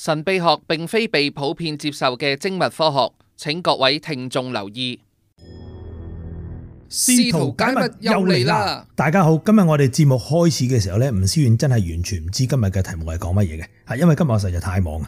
神秘學並非被普遍接受嘅精密科學，請各位聽眾留意。試圖解密又嚟啦！大家好，今日我哋節目開始嘅時候咧，吳思遠真係完全唔知今日嘅題目係講乜嘢嘅，因為今日我實在太忙，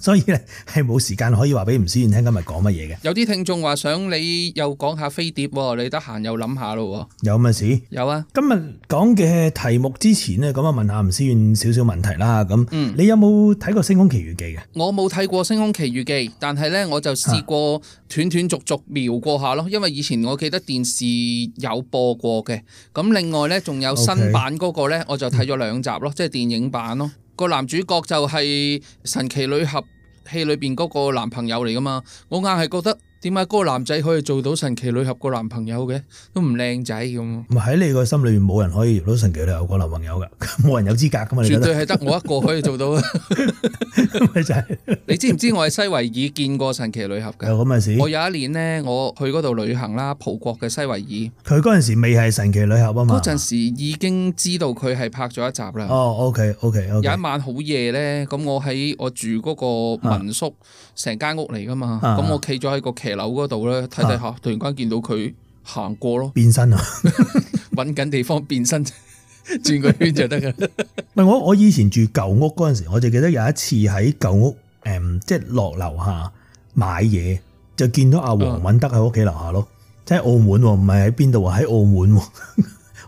所以咧係冇時間可以話俾吳思遠聽今日講乜嘢嘅。有啲聽眾話想你又講下飛碟，你得閒又諗下咯。有咩事？有啊！今日講嘅題目之前呢，咁啊問下吳思遠少少問題啦。咁，你有冇睇過《星空奇遇記》嘅？我冇睇過《星空奇遇記》，但係咧我就試過斷斷續續描過下咯，因為以前我記得電視。有播過嘅，咁另外咧仲有新版嗰個咧，Okay. 我就睇咗兩集咯，即係電影版咯。個男主角就係神奇女俠戲裏邊嗰個男朋友嚟噶嘛，我硬係覺得。點解嗰個男仔可以做到神奇女俠個男朋友嘅？都唔靚仔咁。唔喺你個心裏面冇人可以做到神奇女俠個男朋友㗎？冇人有資格㗎嘛？絕對係得我一個可以做到。就 係 你知唔知我喺西維爾見過神奇女俠㗎？有咁嘅事。我有一年呢，我去嗰度旅行啦，蒲國嘅西維爾。佢嗰陣時未係神奇女俠啊嘛。嗰陣時已經知道佢係拍咗一集啦。哦，OK，OK，OK。Okay, okay, okay. 有一晚好夜咧，咁我喺我住嗰個民宿，成、啊、間屋嚟㗎嘛，咁、啊、我企咗喺個騎樓嗰度咧，睇睇下，突然間見到佢行過咯，變身啊，搵 緊地方變身，轉 個圈就得噶。嗱，我我以前住舊屋嗰陣時，我就記得有一次喺舊屋，誒，即係落樓下買嘢，就見到阿黃敏德喺屋企樓下咯，即、啊、係澳門，唔係喺邊度啊，喺澳門。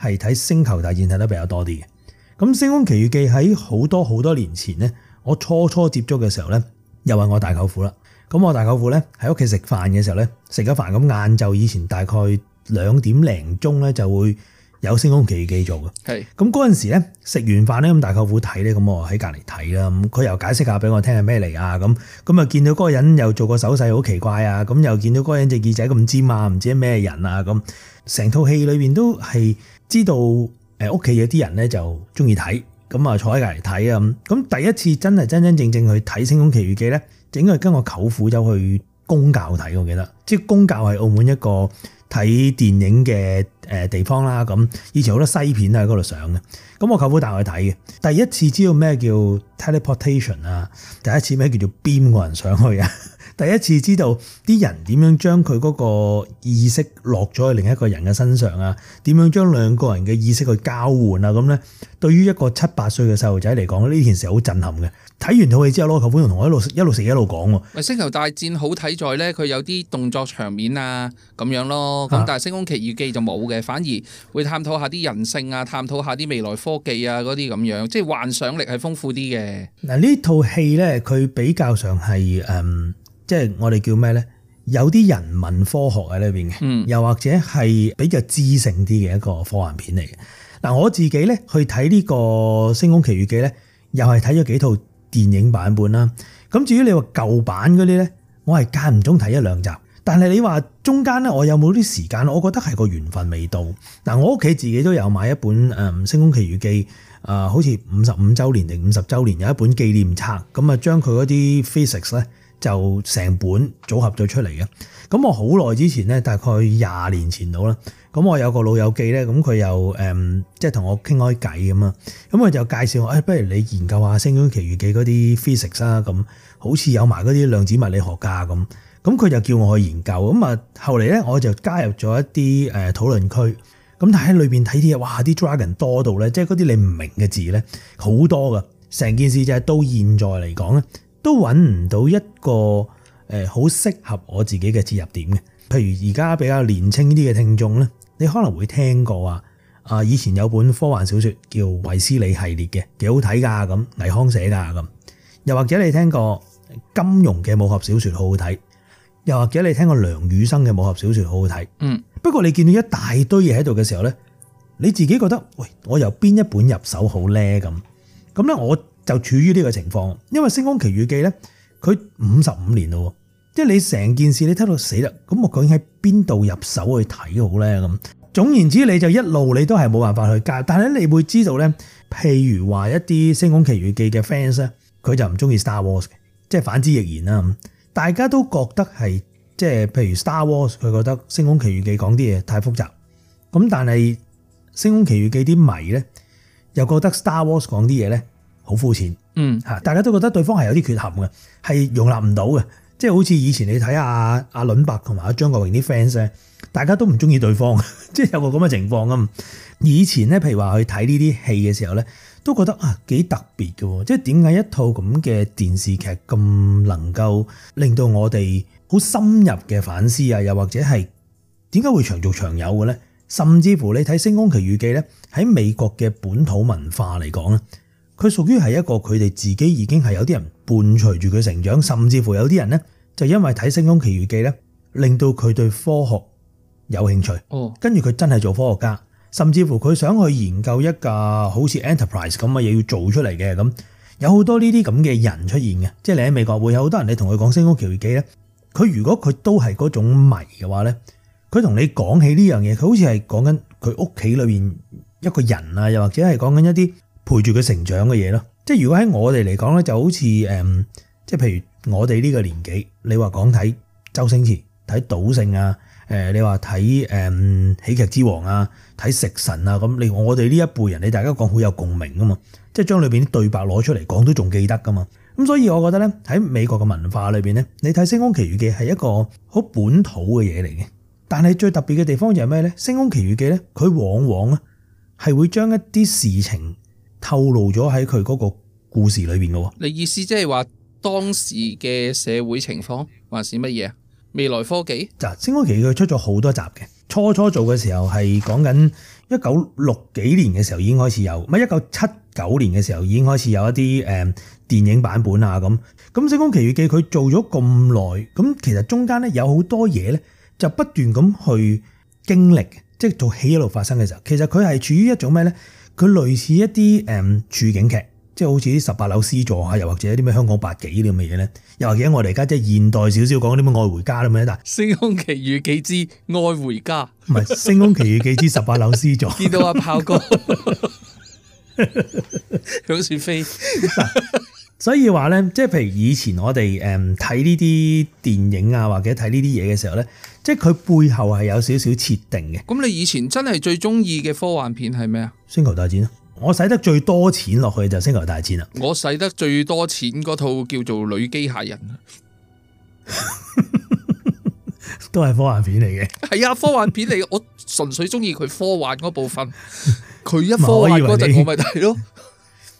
係睇星球大戰睇得比較多啲嘅，咁《星空奇遇記》喺好多好多年前咧，我初初接觸嘅時候咧，又係我大舅父啦。咁我大舅父咧喺屋企食飯嘅時候咧，食咗飯咁晏晝以前大概兩點零鐘咧就會有《星空奇遇記》做嘅，係咁嗰陣時咧，食完飯咧，咁大舅父睇咧，咁我喺隔離睇啦。咁佢又解釋下俾我聽係咩嚟啊？咁咁啊，見到嗰個人又做個手勢好奇怪啊！咁又見到嗰人隻耳仔咁尖啊，唔知咩人啊？咁成套戲裏邊都係知道屋企有啲人咧就中意睇，咁啊坐喺隔離睇啊咁。咁第一次真係真真正正去睇《星空奇遇記》咧，就應該跟我舅父走去公教睇，我記得，即係公教係澳門一個。睇電影嘅地方啦，咁以前好多西片都喺嗰度上嘅，咁我舅父帶我去睇嘅，第一次知道咩叫 teleportation 啊，第一次咩叫做 beam 個人上去啊。第一次知道啲人點樣將佢嗰個意識落咗去另一個人嘅身上啊？點樣將兩個人嘅意識去交換啊？咁咧，對於一個七八歲嘅細路仔嚟講，呢件事好震撼嘅。睇完套戲之後，羅球盤同我一路一路食一路講喎。咪星球大戰好睇在咧，佢有啲動作場面啊，咁樣咯。咁但係《星空奇遇記》就冇嘅，反而會探討下啲人性啊，探討下啲未來科技啊嗰啲咁樣，即係幻想力係豐富啲嘅。嗱呢套戲咧，佢比較上係誒。即係我哋叫咩咧？有啲人文科學喺裏面，嘅，又或者係比較知性啲嘅一個科幻片嚟嘅。嗱、嗯，我自己咧去睇呢個《星空奇遇記》咧，又係睇咗幾套電影版本啦。咁至於你話舊版嗰啲咧，我係間唔中睇一兩集。但係你話中間咧，我有冇啲時間？我覺得係個緣分未到。嗱、嗯，我屋企自己都有買一本誒《星空奇遇記》，啊，好似五十五週年定五十週年有一本紀念冊，咁啊將佢嗰啲 physics 咧。就成本組合咗出嚟嘅。咁我好耐之前咧，大概廿年前到啦。咁我有個老友記咧，咁佢又誒，即係同我傾開偈咁啊。咁佢就介紹我，誒、哎，不如你研究下《星空奇遇記》嗰啲 physics 啦，咁好似有埋嗰啲量子物理學家咁。咁佢就叫我去研究。咁啊，後嚟咧我就加入咗一啲誒討論區。咁但係喺裏邊睇啲嘢，哇！啲 dragon 多到咧，即係嗰啲你唔明嘅字咧好多㗎。成件事就係到現在嚟講咧。都揾唔到一個誒好適合我自己嘅切入點嘅。譬如而家比較年輕啲嘅聽眾咧，你可能會聽過啊，啊以前有本科幻小說叫《維斯理系列》嘅，幾好睇㗎咁，倪匡寫㗎咁。又或者你聽過金庸嘅武俠小說好好睇，又或者你聽過梁羽生嘅武俠小說好好睇。嗯。不過你見到一大堆嘢喺度嘅時候咧，你自己覺得喂，我由邊一本入手好咧咁？咁咧我。就處於呢個情況，因為《星空奇遇記》呢，佢五十五年咯，即係你成件事你睇到死啦，咁我究竟喺邊度入手去睇好呢？咁總言之，你就一路你都係冇辦法去加，但係你會知道呢，譬如話一啲《星空奇遇記》嘅 fans 咧，佢就唔中意 Star Wars 嘅，即係反之亦然啦。大家都覺得係即係譬如 Star Wars，佢覺得《星空奇遇記》講啲嘢太複雜，咁但係《星空奇遇記》啲迷呢，又覺得 Star Wars 講啲嘢呢，好膚淺，嗯嚇，大家都覺得對方係有啲缺陷嘅，係容納唔到嘅，即係好似以前你睇阿阿倫伯同埋阿張國榮啲 fans 咧，大家都唔中意對方，即係有個咁嘅情況啊！以前咧，譬如話去睇呢啲戲嘅時候咧，都覺得啊幾特別嘅，即係點解一套咁嘅電視劇咁能夠令到我哋好深入嘅反思啊？又或者係點解會長做長有嘅咧？甚至乎你睇《星空奇遇記》咧，喺美國嘅本土文化嚟講咧。佢屬於係一個佢哋自己已經係有啲人伴隨住佢成長，甚至乎有啲人呢，就因為睇《星空奇遇記》呢，令到佢對科學有興趣。哦，跟住佢真係做科學家，甚至乎佢想去研究一架好似 Enterprise 咁嘅嘢，要做出嚟嘅。咁有好多呢啲咁嘅人出現嘅，即係你喺美國會有好多人。你同佢講《星空奇遇記》呢，佢如果佢都係嗰種迷嘅話呢，佢同你講起呢樣嘢，佢好似係講緊佢屋企裏面一個人啊，又或者係講緊一啲。陪住佢成長嘅嘢咯，即係如果喺我哋嚟講咧，就好似誒，即、嗯、係譬如我哋呢個年紀，你話講睇周星馳、睇賭聖啊、呃，你話睇誒喜劇之王啊，睇食神啊，咁你我哋呢一輩人，你大家講好有共鳴噶嘛，即係將裏邊啲對白攞出嚟講都仲記得噶嘛，咁所以我覺得咧，喺美國嘅文化裏邊咧，你睇《星空奇遇記》係一個好本土嘅嘢嚟嘅，但係最特別嘅地方就係咩咧？呢《星空奇遇記》咧，佢往往咧係會將一啲事情。透露咗喺佢嗰個故事裏邊嘅喎，你意思即係話當時嘅社會情況還是乜嘢啊？未來科技？嗱，《星空奇遇記》佢出咗好多集嘅，初初做嘅時候係講緊一九六幾年嘅時候已經開始有，唔係一九七九年嘅時候已經開始有一啲誒電影版本啊咁。咁《星空奇遇記》佢做咗咁耐，咁其實中間咧有好多嘢咧就不斷咁去經歷，即係做戲一路發生嘅時候，其實佢係處於一種咩咧？佢類似一啲誒、嗯、處境劇，即係好似啲十八樓 C 座啊，又或者啲咩香港八幾呢啲咁嘅嘢咧，又或者我哋而家即係現代少少講啲咩愛回家咁樣，但星空奇遇記之愛回家，唔係星空奇遇記之十八樓 C 座，見到阿炮哥，佢是飛所以話咧，即係譬如以前我哋誒睇呢啲電影啊，或者睇呢啲嘢嘅時候咧，即係佢背後係有少少設定嘅。咁你以前真係最中意嘅科幻片係咩啊？星球大戰啊，我使得最多錢落去就星球大戰啦。我使得最多錢嗰套叫做女機械人啊， 都係科幻片嚟嘅。係啊，科幻片嚟嘅，我純粹中意佢科幻嗰部分，佢一科幻嗰陣我咪睇咯。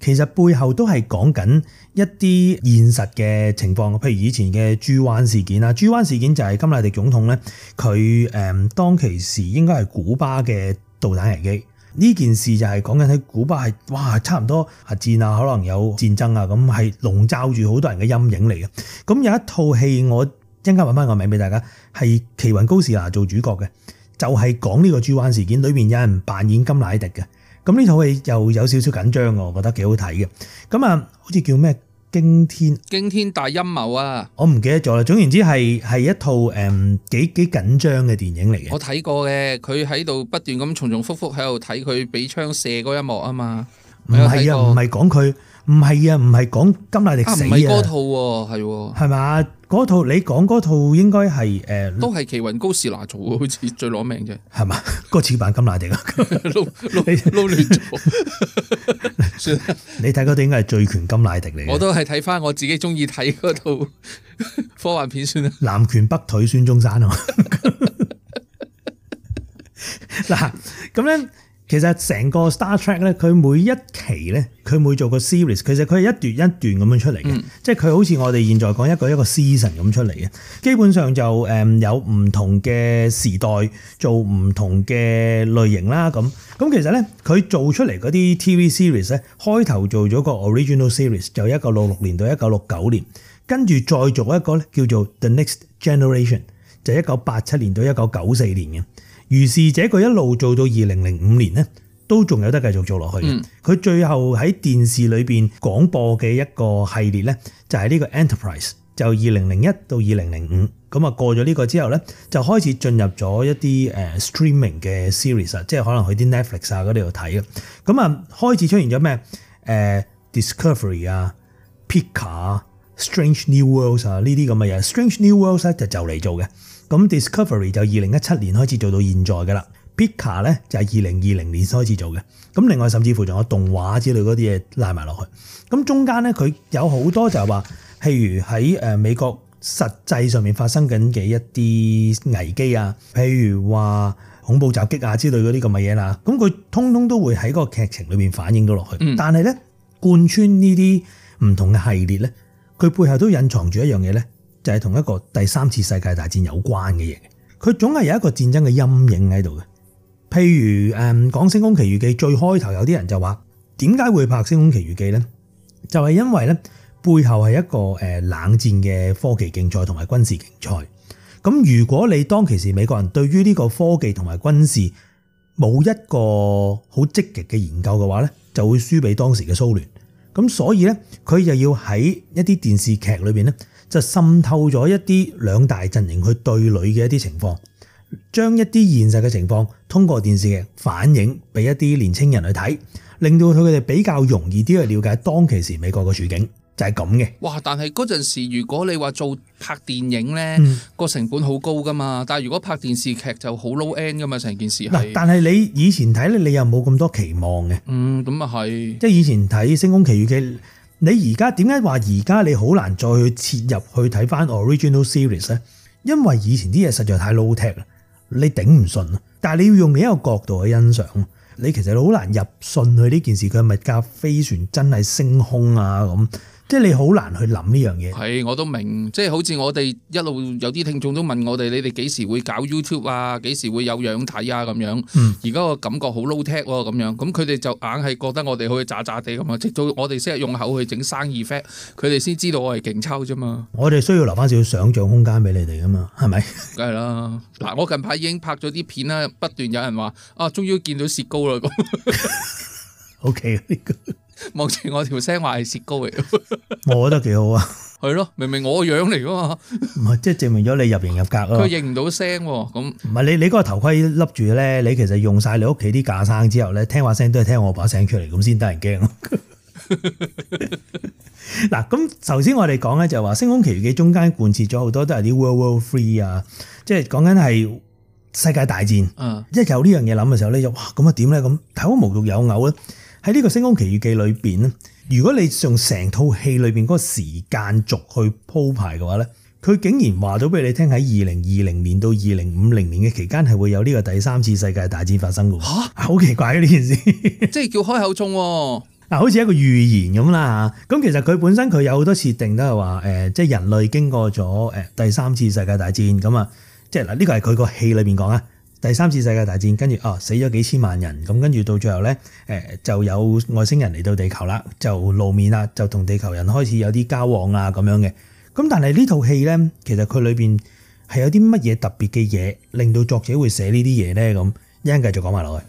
其實背後都係講緊一啲現實嘅情況，譬如以前嘅豬灣事件啊，豬灣事件就係金乃迪總統咧，佢誒當其時應該係古巴嘅導彈危機，呢件事就係講緊喺古巴係哇差唔多核戰啊，可能有戰爭啊，咁係籠罩住好多人嘅陰影嚟嘅。咁有一套戲，我陣間揾翻個名俾大家，係奇雲高士拿做主角嘅，就係講呢個豬灣事件，裏面有人扮演金乃迪嘅。咁呢套戲又有少少緊張嘅，我覺得幾好睇嘅。咁、嗯、啊，好似叫咩驚天驚天大陰謀啊，我唔記得咗啦。總言之係係一套誒幾幾緊張嘅電影嚟嘅。我睇過嘅，佢喺度不斷咁重重復復喺度睇佢俾槍射嗰一幕啊嘛。唔係啊，唔係講佢，唔係啊，唔係講甘迺迪死啊。啊啊啊啊啊嗰套係係嘛？嗰套你講嗰套應該係誒，都係奇雲高士拿做，好似最攞命啫。係嘛？個似版金乃迪啊，攞攞 亂做。 算啦了，你睇嗰啲應該係醉拳金乃迪嚟嘅。我都係睇翻我自己中意睇嗰套 科幻片算啦。南拳北腿孫中山啊！嗱， 咁咧。其實成個 Star Trek 咧，佢每一期咧，佢每做個 series，其實佢係一段一段咁樣出嚟嘅，mm. 即係佢好似我哋現在講一個一個 season 咁出嚟嘅。基本上就有唔同嘅時代做唔同嘅類型啦，咁咁其實咧佢做出嚟嗰啲 TV series 咧，開頭做咗個 original series，就一九六六年到一九六九年，跟住再做一個咧叫做 The Next Generation，就一九八七年到一九九四年嘅。如是者，這佢一路做到二零零五年咧，都仲有得繼續做落去佢、嗯、最後喺電視裏面廣播嘅一個系列咧，就係、是、呢個 Enterprise，就二零零一到二零零五。咁啊，過咗呢個之後咧，就開始進入咗一啲 streaming 嘅 series 啊，即係可能去啲 Netflix 啊嗰度睇嘅。咁啊，開始出現咗咩 Discovery 啊、Picard、Strange New Worlds、Strange New Worlds 啊呢啲咁嘅嘢。Strange New Worlds 咧就就嚟做嘅。咁 Discovery 就二零一七年開始做到現在㗎啦，Picard 咧就係二零二零年開始做嘅。咁另外甚至乎仲有動畫之類嗰啲嘢拉埋落去。咁中間咧佢有好多就係話，譬如喺誒美國實際上面發生緊嘅一啲危機啊，譬如話恐怖襲擊啊之類嗰啲咁嘅嘢啦。咁佢通通都會喺個劇情裏面反映到落去但呢。但係咧貫穿呢啲唔同嘅系列咧，佢背後都隱藏住一樣嘢咧。就係同一個第三次世界大戰有關嘅嘢，佢總係有一個戰爭嘅陰影喺度嘅。譬如誒，《講》星空奇遇記》最開頭有啲人就話：點解會拍《星空奇遇記》呢？就係因為呢，背後係一個誒冷戰嘅科技競賽同埋軍事競賽。咁如果你當其時美國人對於呢個科技同埋軍事冇一個好積極嘅研究嘅話呢，就會輸俾當時嘅蘇聯。咁所以呢，佢又要喺一啲電視劇裏邊咧。就滲透咗一啲兩大陣營去對壘嘅一啲情況，將一啲現實嘅情況通過電視劇反映俾一啲年青人去睇，令到佢哋比較容易啲去了解當其時美國嘅處境就係咁嘅。哇！但係嗰陣時如果你話做拍電影呢，個、嗯、成本好高噶嘛，但係如果拍電視劇就好 low end 噶嘛，成件事。嗱，但係你以前睇咧，你又冇咁多期望嘅。嗯，咁啊係。即係以前睇《星空奇遇記》。你而家點解話而家你好難再去切入去睇翻 original series 咧？因為以前啲嘢實在太 low tech 啦，你頂唔順啊。但係你要用另一個角度去欣賞，你其實好難入信佢呢件事，佢係咪架飛船真係升空啊咁？即係你好難去諗呢樣嘢。係，我都明。即係好似我哋一路有啲聽眾都問我哋，你哋幾時會搞 YouTube 啊？幾時會有樣睇啊？咁樣。嗯。而家個感覺好 low tech 喎，啊，咁樣。咁佢哋就硬係覺得我哋好似渣渣地咁啊！直到我哋先識用口去整生意 fat，佢哋先知道我係勁抽啫嘛。我哋需要留翻少少想像空間俾你哋啊嘛，係咪？梗係啦。嗱，我近排已經拍咗啲片啦，不斷有人話啊，終於見到雪糕啦咁。O K 呢個。望住我條聲話係雪糕嚟，我覺得幾好啊。係咯，明明我樣嚟噶嘛，唔係即係證明咗你入型入格咯。佢認唔到聲咁，唔係你你嗰個頭盔笠住咧，你其實用晒你屋企啲架生之後咧，聽話聲都係聽我把聲出嚟，咁先得人驚咯。嗱，咁頭先我哋講咧就係話《星空奇遇記》中間貫徹咗好多都係啲 World War Three 啊，即係講緊係世界大戰。嗯，一有呢樣嘢諗嘅時候咧，就哇咁啊點咧咁，睇，好無獨有偶啦。喺呢個《星空奇遇記》裏邊咧，如果你用成套戲裏邊嗰個時間軸去鋪排嘅話咧，佢竟然話到俾你聽喺二零二零年到二零五零年嘅期間係會有呢個第三次世界大戰發生嘅嚇，好奇怪嘅呢件事，即係叫開口中嗱、啊， 好似一個預言咁啦嚇。咁其實佢本身佢有好多設定都係話誒，即係人類經過咗誒第三次世界大戰咁啊，即係嗱呢個係佢個戲裏邊講啊。第三次世界大戰，跟住哦死咗幾千萬人，咁跟住到最後咧，誒就有外星人嚟到地球啦，就露面啦，就同地球人開始有啲交往啊咁樣嘅。咁但係呢套戲咧，其實佢裏邊係有啲乜嘢特別嘅嘢，令到作者會寫呢啲嘢咧咁。一陣繼續講埋落去。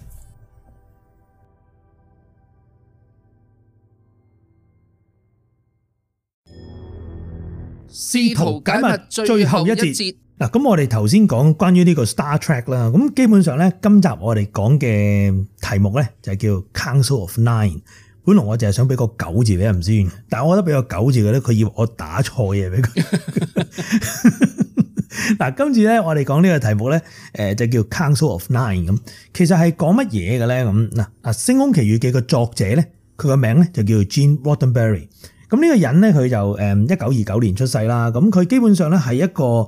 試圖解密最後一節。嗱，咁我哋頭先講關於呢個 Star Trek 啦，咁基本上咧，今集我哋講嘅題目咧就係叫 Council of Nine。本來我淨係想俾個九字俾阿先，但係我覺得俾個九字嘅咧，佢以為我打錯嘢俾佢。嗱，今次咧我哋講呢個題目咧，誒就叫 Council of Nine 咁， Nine，其實係講乜嘢嘅咧？咁嗱嗱，《星空奇遇記》嘅作者咧，佢個名咧就叫做 Gene Roddenberry。咁呢個人咧，佢就誒一九二九年出世啦，咁佢基本上咧係一個。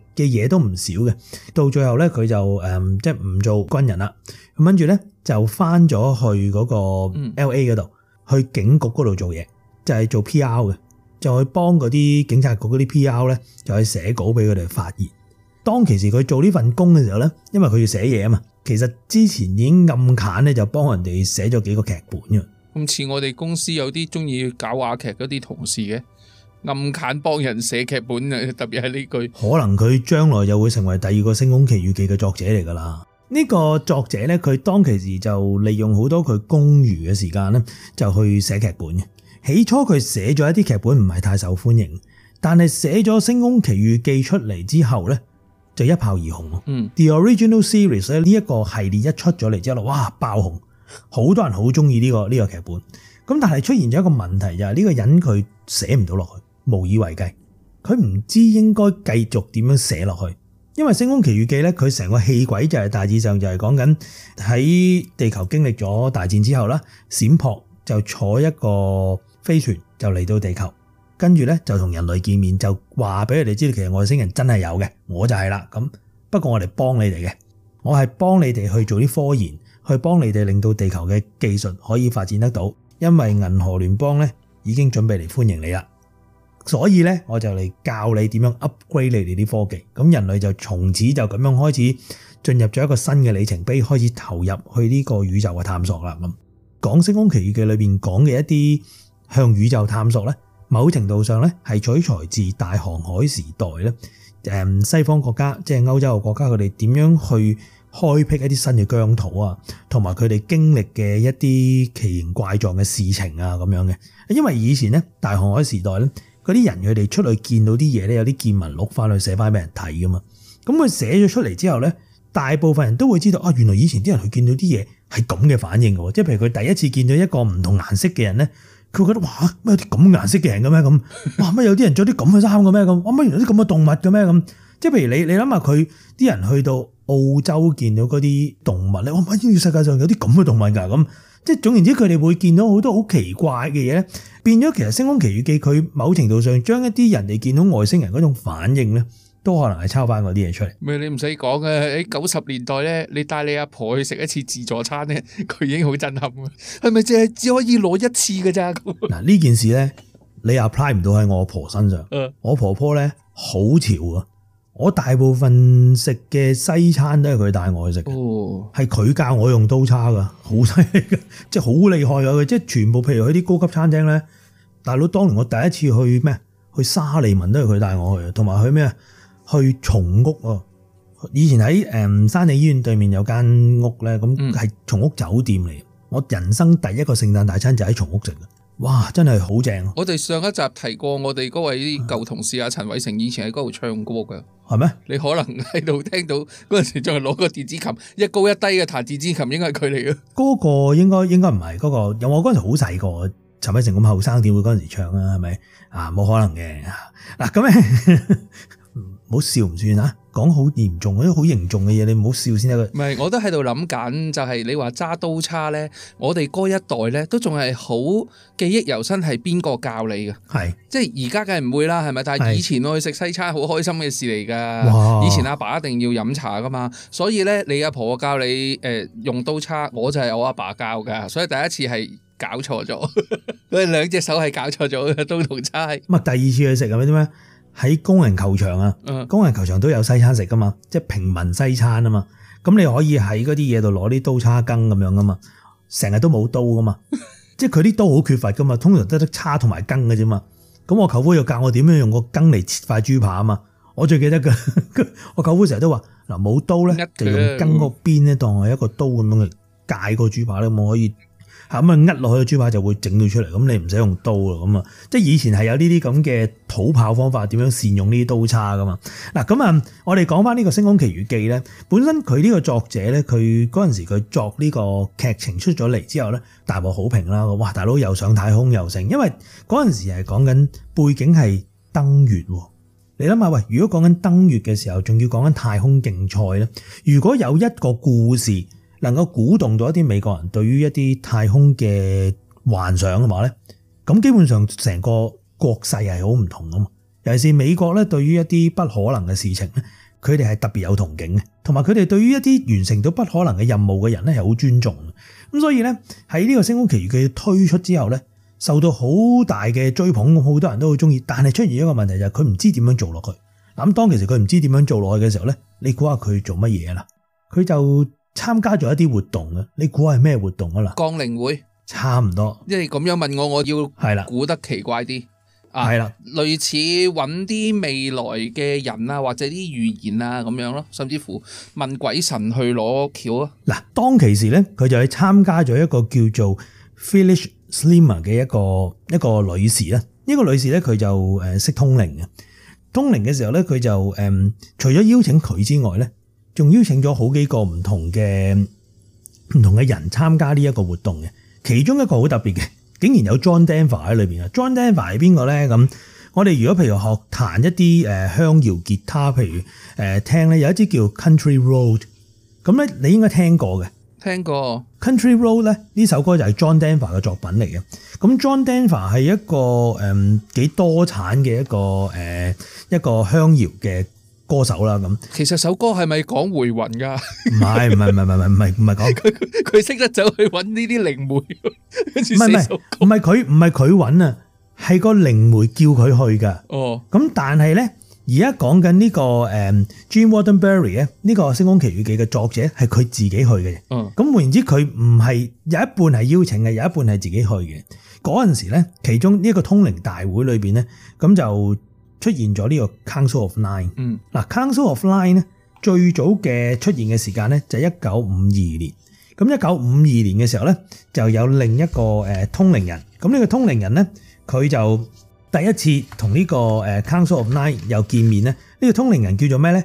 嘅嘢都唔少嘅，到最後咧佢就即係唔做軍人啦，咁跟住咧就翻咗去嗰個 LA 嗰度，嗯，去警局嗰度做嘢，就係做 PR 嘅，就去幫嗰啲警察局嗰啲 PR 咧，就去寫稿俾佢哋發言。當其時佢做呢份工嘅時候咧，因為佢要寫嘢啊嘛，其實之前已經暗砍咧就幫人哋寫咗幾個劇本嘅。咁似我哋公司有啲中意搞話劇嗰啲同事嘅。暗砍幫人寫劇本啊，特別係呢句，可能佢將來就會成為第二個《星空奇遇記》嘅作者嚟噶啦。呢個作者呢，佢當其時就利用好多佢公餘嘅時間呢，就去寫劇本。起初佢寫咗一啲劇本唔係太受歡迎，但係寫咗《星空奇遇記》出嚟之後呢，就一炮而紅。嗯，《The Original Series》呢一個系列一出咗嚟之後，哇爆紅，好多人好中意呢個呢個劇本。咁但係出現咗一個問題，就係呢個人佢寫唔到落去。無以為繼，佢唔知應該繼續點樣寫落去，因為《星空奇遇記》咧，佢成個戲軌就係大致上就係講緊喺地球經歷咗大戰之後啦，閃撲就坐一個飛船就嚟到地球，跟住咧就同人類見面，就話俾佢哋知道，其實外星人真係有嘅，我就係啦，咁不過我哋幫你哋嘅，我係幫你哋去做啲科研，去幫你哋令到地球嘅技術可以發展得到，因為銀河聯邦咧已經準備嚟歡迎你啦。所以咧，我就嚟教你點樣 upgrade 你哋啲科技，咁人類就從此就咁樣開始進入咗一個新嘅里程碑，開始投入去呢個宇宙嘅探索啦。咁講《星空奇遇記》裏邊講嘅一啲向宇宙探索咧，某程度上咧係取材自大航海時代咧，誒，西方國家即係歐洲嘅國家，佢哋點樣去開闢一啲新嘅疆土啊，同埋佢哋經歷嘅一啲奇形怪狀嘅事情啊，咁樣嘅。因為以前咧，大航海時代咧。嗰啲人佢哋出去見到啲嘢咧，有啲見聞錄翻去寫翻俾人睇噶嘛，咁佢寫咗出嚟之後咧，大部分人都會知道啊，原來以前啲人去見到啲嘢係咁嘅反應嘅，即係譬如佢第一次見到一個唔同顏色嘅人咧，佢覺得哇，乜有啲咁顏色嘅人嘅咩咁？哇，乜有啲人着啲咁嘅衫嘅咩咁？哇，乜原來啲咁嘅動物嘅咩咁？即係譬如你你諗下佢啲人去到澳洲見到嗰啲動物咧，哇，乜呢個世界上有啲咁嘅動物㗎咁？即係總言之，佢哋會見到好多好奇怪嘅嘢咧，變咗其實《星空奇遇記》佢某程度上將一啲人哋見到外星人嗰種反應咧，都可能係抄翻嗰啲嘢出嚟。唔係你唔使講嘅，喺九十年代咧，你帶你阿婆，婆去食一次自助餐咧，佢已經好震撼啊！係咪即係只可以攞一次㗎咋？嗱 呢件事咧，你 apply 唔到喺我阿婆身上。我婆婆咧好潮啊！我大部分食嘅西餐都係佢帶我去食嘅，係、哦、佢教我用刀叉噶，好犀利噶，即係好厲害啊！即係全部，譬如去啲高級餐廳咧，大佬當年我第一次去咩？去沙利文都係佢帶我去，同埋去咩？去松屋啊！以前喺誒、嗯、山里醫院對面有間屋咧，咁係松屋酒店嚟。我人生第一個聖誕大餐就喺松屋食。哇，真係好正！我哋上一集提過，我哋嗰位舊同事啊，陳偉成以前喺嗰度唱歌嘅，係咩？你可能喺度聽到嗰陣時，仲係攞個電子琴一高一低嘅彈電子琴應、嗰個應，應該係佢嚟嘅。嗰個應該應該唔係嗰個，有我嗰陣時好細個，陳偉成咁後生，點會嗰陣時唱啊？係咪啊？冇可能嘅。嗱咁咧。唔好笑唔算啊，講好嚴重，啲好嚴重嘅嘢，你唔好笑先得。唔係，我都喺度諗緊，就係你話揸刀叉咧，我哋嗰一代咧都仲係好記憶猶新，係邊個教你嘅？係，即係而家梗係唔會啦，係咪？但係以前我去食西餐好開心嘅事嚟噶。以前阿爸一定要飲茶噶嘛，所以咧，你阿婆教你誒、呃、用刀叉，我就係我阿爸教噶，所以第一次係搞錯咗，佢哋兩隻手係搞錯咗嘅刀同叉。咁啊，第二次去食咁咪啲咩？喺工人球場啊，工人球場都有西餐食噶嘛，即係平民西餐啊嘛。咁你可以喺嗰啲嘢度攞啲刀叉羹咁樣噶嘛，成日都冇刀噶嘛， 即係佢啲刀好缺乏噶嘛，通常都得叉同埋羹嘅啫嘛。咁我舅父又教我點樣用個羹嚟切塊豬排啊嘛，我最記得噶。 我舅父成日都話：嗱，冇刀咧，就用羹個邊咧當係一個刀咁樣嚟界個豬排咧，我可以。咁啊，呃落去個豬排就會整到出嚟，咁你唔使用，用刀咯，咁啊，即係以前係有呢啲咁嘅土炮方法，點樣善用呢啲刀叉噶嘛？嗱，咁啊，我哋講翻呢個《星空奇遇記》咧，本身佢呢個作者咧，佢嗰陣時佢作呢個劇情出咗嚟之後咧，大獲好評啦。哇，大佬又上太空又成，因為嗰陣時係講緊背景係登月，你諗下喂，如果講緊登月嘅時候，仲要講緊太空競賽咧，如果有一個故事。能夠鼓動到一啲美國人對於一啲太空嘅幻想嘅話咧，咁基本上成個國勢係好唔同嘅嘛。尤其是美國咧，對於一啲不可能嘅事情咧，佢哋係特別有同情嘅，同埋佢哋對於一啲完成到不可能嘅任務嘅人咧，係好尊重嘅。咁所以咧，喺呢個星空奇遇記嘅推出之後咧，受到好大嘅追捧，好多人都好中意。但係出現一個問題就係佢唔知點樣做落去。咁當其實佢唔知點樣做落去嘅時候咧，你估下佢做乜嘢啦？佢就～參加咗一啲活動，你估係咩活動啊？啦，降靈會差唔多，即係咁樣，問我，我要係啦，估得奇怪啲，係啦、啊，類似搵啲未來嘅人啊，或者啲預言啊咁樣咯，甚至乎問鬼神去攞橋啊。嗱，當其時咧，佢就去參加咗一個叫做 Phyllis Schlemmer 嘅一個一個女士啦，呢個女士咧，佢就誒識通靈嘅，通靈嘅時候咧，佢就誒、嗯、除咗邀請佢之外咧。仲邀請咗好幾個唔同嘅唔同嘅人參加呢一個活動嘅，其中一個好特別嘅，竟然有 John Denver 喺裏面啊！John Denver 係邊個咧？咁我哋如果譬如學彈一啲誒鄉謠吉他，譬如誒聽咧，有一支叫 Country Road，咁咧你應該聽過嘅。聽過 Country Road 咧，呢首歌就係 John Denver 嘅作品嚟嘅。咁 John Denver 係一個誒、嗯、幾多產嘅一個誒一個鄉謠嘅。歌手啦咁，其實首歌係咪講回魂噶？唔係唔係唔係唔係唔係唔係講佢識得走去搵呢啲靈媒，唔係唔係唔係佢唔係佢搵啊，係不 個靈媒叫佢去噶。哦，咁但係咧，而家講緊呢個誒《Gene Roddenberry》咧，呢、這個《星空奇遇記》嘅作者係佢自己去嘅。嗯、哦，咁換言之，佢唔係有一半係邀請嘅，有一半係自己去嘅。嗰陣時咧，其中呢一個通靈大會裏邊咧，咁就。出現咗呢個 Council of Nine。嗯，嗱 Council of Nine 咧，最早嘅出現嘅時間咧就係一九五二年。咁一九五二年嘅時候咧，就有另一個通靈人。咁呢個通靈人咧，佢就第一次同呢個 Council of Nine 又見面咧。呢個通靈人叫做咩咧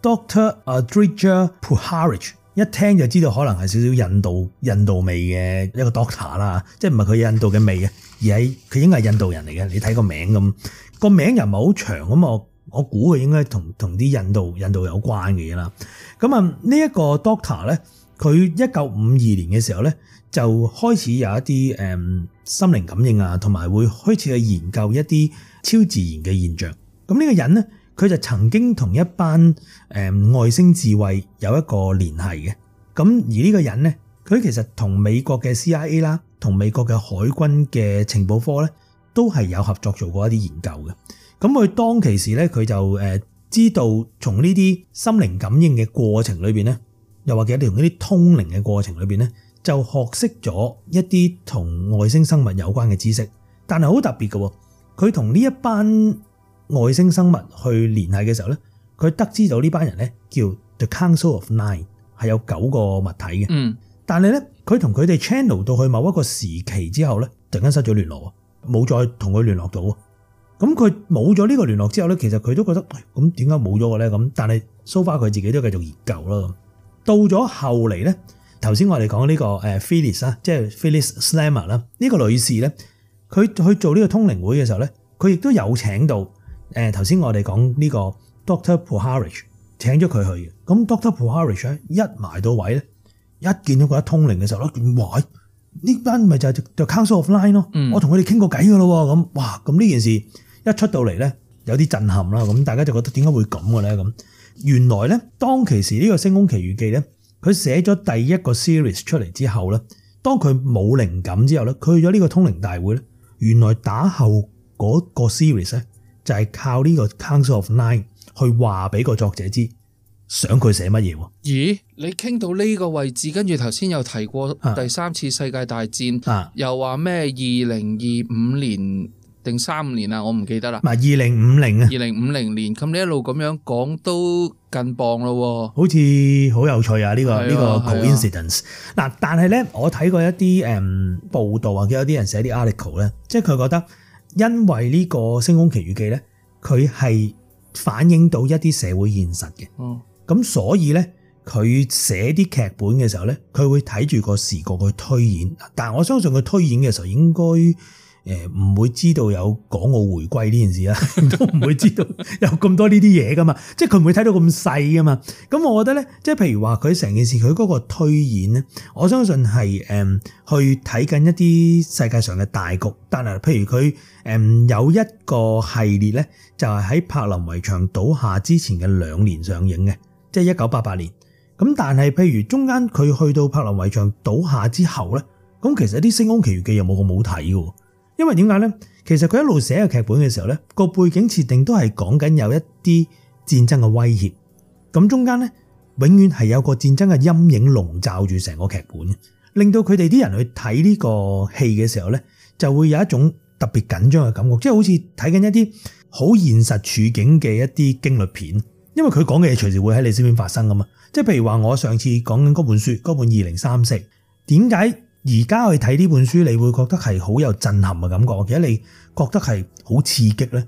？Doctor Adrija Puharich。一聽就知道可能係少少印度印度味嘅一個 Doctor 啦，即係唔係佢印度嘅味嘅，而係佢應該係印度人嚟嘅。你睇個名咁。個名又唔係好長咁，我我估佢應該同同啲印度印度有關嘅嘢啦。咁啊，呢一個 doctor 咧，佢一九五二年嘅時候咧，就開始有一啲誒心靈感應啊，同埋會開始去研究一啲超自然嘅現象。咁呢個人咧，佢就曾經同一班誒外星智慧有一個聯繫嘅。咁而呢個人咧，佢其實同美國嘅 CIA 啦，同美國嘅海軍嘅情報科咧。都係有合作做過一啲研究嘅，咁佢當其時咧，佢就誒知道從呢啲心靈感應嘅過程裏面咧，又或者同呢啲通靈嘅過程裏面咧，就學識咗一啲同外星生物有關嘅知識。但係好特別嘅喎，佢同呢一班外星生物去聯繫嘅時候咧，佢得知到呢班人咧叫 The Council of Nine 係有九個物體嘅。嗯，但係咧，佢同佢哋 channel 到去某一個時期之後咧，突然間失咗聯絡。冇再同佢聯絡到，咁佢冇咗呢個聯絡之後咧，其實佢都覺得，咁點解冇咗嘅咧？咁但係 Sofa 佢自己都繼續研究啦。到咗後嚟咧，頭先我哋講呢個 Phyllis 啦，即係 Phyllis Slammer 啦，呢個女士咧，佢去做呢個通靈會嘅時候咧，佢亦都有請到誒頭先我哋講呢個 Doctor Poharich，請咗佢去嘅。咁 Doctor Poharich 一埋到位咧，一見到佢一通靈嘅時候咧，哇！呢班咪就係就 Council of Nine 咯，我同佢哋傾過偈噶咯喎。咁哇咁呢件事一出到嚟咧，有啲震撼啦，咁大家就覺得點解會咁嘅咧？咁原來咧，當其時呢個《星空奇遇記》咧，佢寫咗第一個 series 出嚟之後咧，當佢冇靈感之後咧，佢去咗呢個通靈大會咧，原來打後嗰個 series 咧，就係靠呢個 Council of Nine 去話俾個作者知。想佢寫乜嘢喎？咦？你傾到呢個位置，跟住頭先又提過第三次世界大戰，又話咩？二零二五年定三五年啊？我唔記得啦。嗱，二零五零啊，二零五零年。咁你一路咁樣講都近磅咯喎，好似好有趣啊！呢個呢個 coincidence 嗱，但係咧，我睇過一啲誒報道啊，或者有啲人寫啲 article 咧，即係佢覺得因為呢個《星空奇遇記》咧，佢係反映到一啲社會現實嘅。嗯。咁所以咧，佢寫啲劇本嘅時候咧，佢會睇住個時局去推演。但係我相信佢推演嘅時候應該誒唔會知道有港澳回歸呢件事啦，都 唔會知道有咁多呢啲嘢噶嘛，即係佢唔會睇到咁細㗎嘛。咁我覺得咧，即係譬如話佢成件事佢嗰個推演咧，我相信係誒去睇緊一啲世界上嘅大局。但係譬如佢誒有一個系列咧，就係喺柏林圍牆倒下之前嘅兩年上映嘅。即係一九八八年，咁但係譬如中間佢去到柏林圍牆倒下之後呢，咁其實啲《星空奇遇記》又冇咁好睇嘅，因為點解呢？其實佢一路寫嘅劇本嘅時候呢，個背景設定都係講緊有一啲戰爭嘅威脅，咁中間呢，永遠係有個戰爭嘅陰影籠罩住成個劇本，令到佢哋啲人去睇呢個戲嘅時候呢，就會有一種特別緊張嘅感覺，即係好似睇緊一啲好現實處境嘅一啲經歷片。因為佢講嘅嘢隨時會喺你身邊發生噶嘛，即係譬如話我上次講緊嗰本書嗰本二零三四，點解而家去睇呢本書你會覺得係好有震撼嘅感覺，其實你覺得係好刺激呢？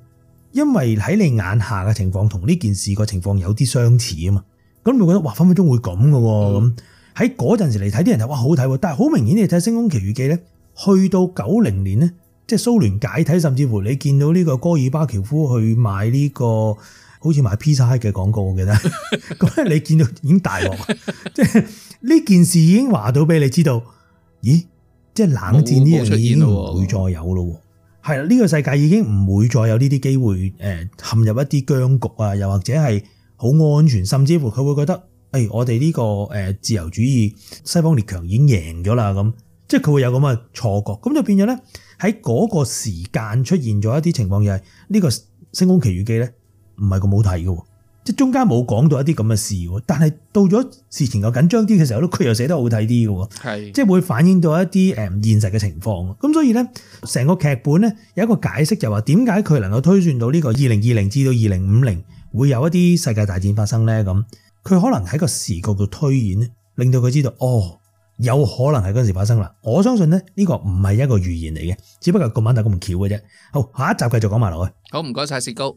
因為喺你眼下嘅情況同呢件事個情況有啲相似啊嘛，咁你會覺得哇分分鐘會咁㗎喎咁喺嗰陣時嚟睇啲人就哇好睇，但係好明顯你睇《星空奇遇記》呢，去到九零年呢，即係蘇聯解體，甚至乎你見到呢個戈爾巴喬夫去買呢、這個。好似買披薩嘅廣告，我記得。咁咧，你見到已經大鑊，即係呢件事已經話到俾你知道。咦？即係冷戰呢樣嘢已經唔會再有咯。係啦，呢個世界已經唔會再有呢啲機會誒，陷入一啲僵局啊，又或者係好安全，甚至乎佢會覺得誒、哎，我哋呢個誒自由主義西方列強已經贏咗啦，咁即係佢會有咁嘅錯覺。咁就變咗咧，喺嗰個時間出現咗一啲情況，就係呢個《星空奇遇記》咧。唔係咁好睇嘅，即係中間冇講到一啲咁嘅事，但係到咗事情嘅緊張啲嘅時候咧，佢又寫得好睇啲嘅，係即係會反映到一啲誒現實嘅情況。咁所以咧，成個劇本咧有一個解釋就話點解佢能夠推算到呢個二零二零至到二零五零會有一啲世界大戰發生咧？咁佢可能喺個時局度推演，令到佢知道哦，有可能係嗰陣時發生啦。我相信咧呢個唔係一個預言嚟嘅，只不過個筆頭咁巧嘅啫。好，下一集繼續講埋落去。好，唔該晒，薛高。